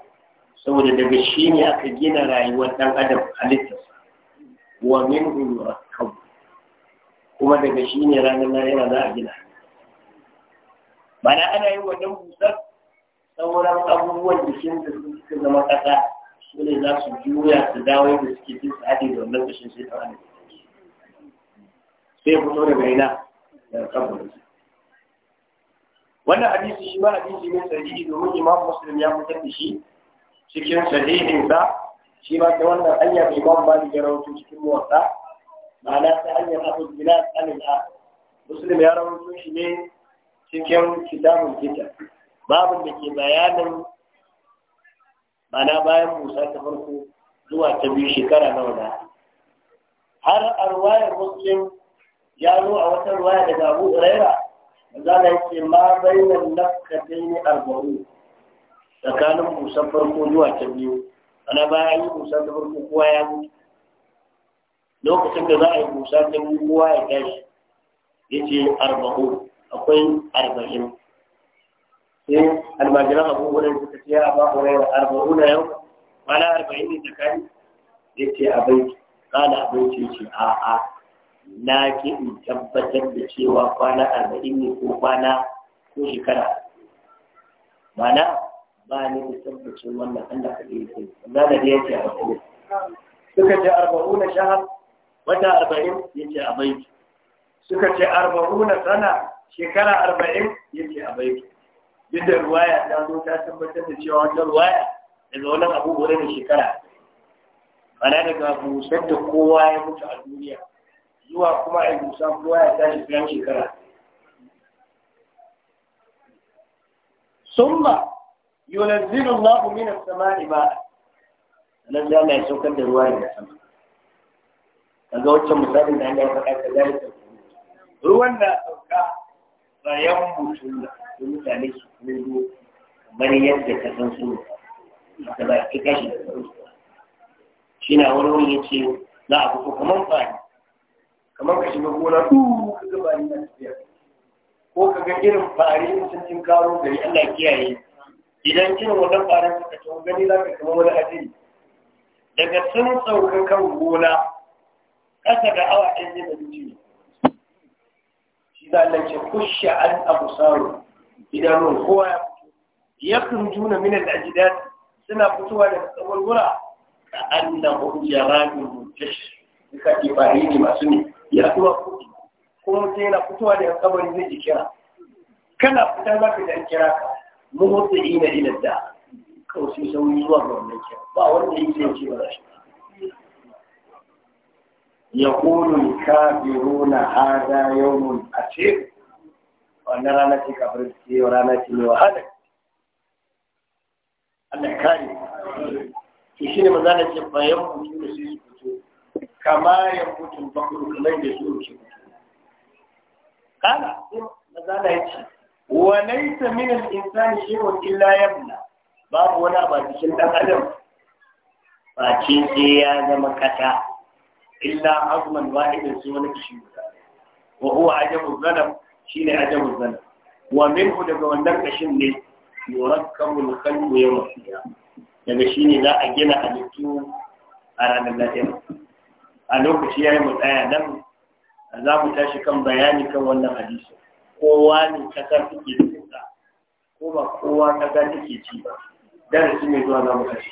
saboda daga shi ne aka gina rayuwar dan adam halittarsa wa min hulurakau kuma daga shi ne ranar lahira za a gina Bana ana yi wa wannan busar sauran abubuwan jikin da suka zama kasa su ne za su juya su dawo da suke jin su haɗe da wannan kashin sai ta sai fito daga ina daga kabarin wannan hadisi shi ba hadisi ne sahihi domin imam muslim ya fitar da shi cikin sahihin sa shi ma ta wannan hanya da imam malik ya rawaito cikin muwatta ma'ana ta hanyar abu gina tsanin a muslim ya rawaito shi ne cikin kitabun kita babin da ke bayanin mana bayan musa ta farko zuwa ta biyu shekara nawa da har a muslim ya zo a wata ruwaya daga abu huraira za ya ce ma bainan ne arba'u tsakanin musa farko zuwa ta biyu ana bayan yi musa ta farko kowa ya mutu lokacin da za a yi Musa ta biyu kowa ya tashi ya ce arba'u akwai arba'in sai almajiran abu wurin suka ce ya ba arba'u na yau kwana arba'in ne tsakani ya ce abinci kala abinci ce a a na ke in tabbatar da cewa kwana arba'in ne ko kwana ko shekara mana ba ni da tabbacin wannan Allah ka yi kai, Allah da ya ce a cikin suka ce arba'u na shahar wata arba'in ya ce a baiki suka ce arba'u na sana shekara arba'in ya ce a baiki duk da ruwaya ta zo ta tabbatar da cewa wata ruwaya daga wani abu gore da shekara ana daga busar da kowa ya mutu a duniya zuwa kuma a busa kowa ya tashi fiyan shekara summa yunazzilu Allahu min as-sama'i ma'a nan da Allah ya saukar da ruwa daga sama kaga wacce misalin da Allah ya faɗa ka zalika ruwan da sauka bayan mutum da mutane su kudo kamar yadda ka san su haka ba ki kashi da kansu shi na wani wani ya ce za a fito kamar tsari kamar ka shiga gona duk ka gaba bari na tafiya ko ka ga irin fari sun cin karo gari Allah kiyaye idan kin wannan farin suka ci gani za ka kama wani ajiyar daga sun sauka kan gona ƙasa da awa ɗaya ne da zuciya Allah ce kushe an abu saru idanun kowa ya fito ya minan min da ajdat suna fitowa daga tsawurwura ka kuma jaradun mutash ka fari ne masu ne ya zuwa kuɗi kuma mutum yana fitowa daga tsawon zai ji kira kana fitar ba ka dan kira ka mu motsa ina ila da kawai sai sauyi zuwa ga wannan kira ba wanda yake yin ba shi ba يقول الكافرون هذا يوم عسير wannan rana ce kafin su yi rana ce mai wahala Allah kare to shi ne maza ce bayan mutu da su yi fito kama ya mutu bakuru kamar da su ke fito kana maza na ya ce wa laisa min al-insani shay'un illa yabla babu wani abu cikin dan adam face sai ya zama kata illa azman wahidin su wani kishi guda wa huwa ajabu zanab shine ajabu zanab wa minhu daga wannan kashin ne yurakkabu al-qalbu yawm al-qiyamah daga shine za a gina halittu a ranar lahira a lokaci yayi mu tsaya za mu tashi kan bayani kan wannan hadisi kowa ne kowa kasa take ba darasi mai zuwa za mu tashi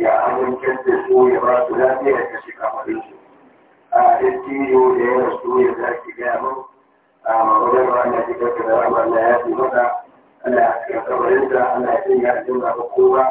ya amincin da su ya ba su lafiya da shi kamarin su a dattijo da ya rasu ya zaki gaya min a mawadar ba na ji kaka da rama na ya fi mata ana ya kamarin da ana ya sanya a ba kowa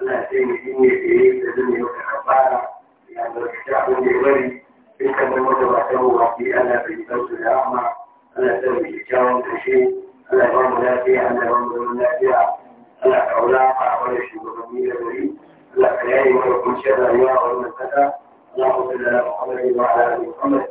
ana ya sanya shi ne da ya yi da zai yau da kafara ya zarki abin da ya bari dukkan nan wata ba ta ruwa ke ana da yi kansu da rama ana sanya kyakkyawan kashe ana ba mu lafiya ana ba mu zaman lafiya ana kaula a wani shugabanni da gari الأحياء وحكم شر الرياء والمسكة اللهم صل محمد وعلى آل محمد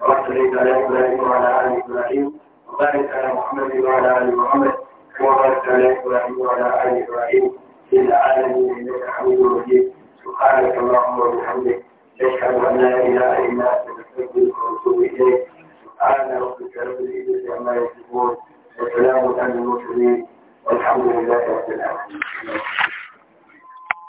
كما على إبراهيم وعلى آل إبراهيم وبارك على محمد وعلى آل محمد كما على إبراهيم وعلى آل إبراهيم في العالمين إنك حميد مجيد سبحانك اللهم وبحمدك نشهد أن لا إله إلا أنت نستغفرك ونتوب إليك سبحان ربك رب العزة عما يصفون وسلام على المرسلين والحمد لله رب العالمين